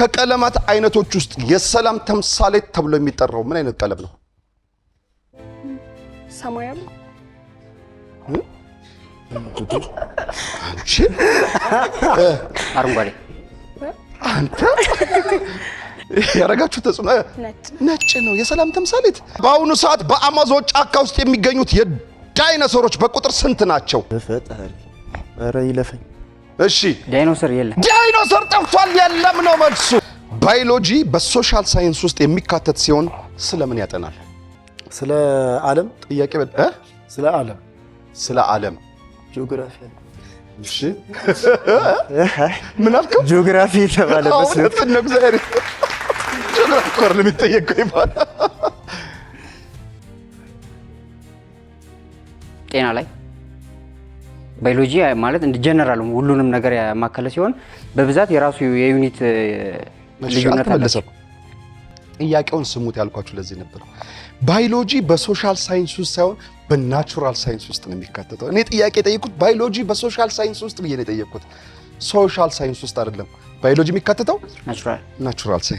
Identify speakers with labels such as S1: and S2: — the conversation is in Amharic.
S1: ከቀለማት አይነቶች ውስጥ የሰላም ተምሳሌት ተብሎ የሚጠራው ምን አይነት ቀለም ነው? ሰማያዊ። አንቺ አረንጓዴ። አንተ ያረጋችሁ ተጽዕኖ ነጭ ነው፣ የሰላም ተምሳሌት። በአሁኑ ሰዓት በአማዞን ጫካ ውስጥ የሚገኙት የዳይኖሰሮች በቁጥር ስንት ናቸው?
S2: ፈጣሪ ይለፈኝ
S1: እሺ
S3: ዳይኖሰር የለም፣
S1: ዳይኖሰር ጠፍቷል፣ የለም ነው መልሱ። ባዮሎጂ በሶሻል ሳይንስ ውስጥ የሚካተት ሲሆን ስለምን ያጠናል?
S2: ስለ ዓለም ጥያቄ በል። ስለ ዓለም ስለ ዓለም ጂኦግራፊ
S1: እሺ ምን አልከው?
S3: ጂኦግራፊ የተባለ
S1: መስሎት ነው። እግዚአብሔር ጂኦግራፊ እኮ አይደለም የሚጠየቀው ይባላል።
S3: ጤና ላይ ባዮሎጂ ማለት እንደ ጀነራል ሁሉንም ነገር ያማከለ ሲሆን በብዛት የራሱ የዩኒት
S1: ልዩነት አለ። ጥያቄውን ስሙት ያልኳችሁ ለዚህ ነበር። ባዮሎጂ በሶሻል ሳይንስ ውስጥ ሳይሆን በናቹራል ሳይንስ ውስጥ ነው የሚካተተው። እኔ ጥያቄ የጠየቅኩት ባዮሎጂ በሶሻል ሳይንስ ውስጥ ብዬ ነው የጠየቅኩት። ሶሻል ሳይንስ ውስጥ አይደለም ባዮሎጂ የሚካተተው ናቹራል ሳይንስ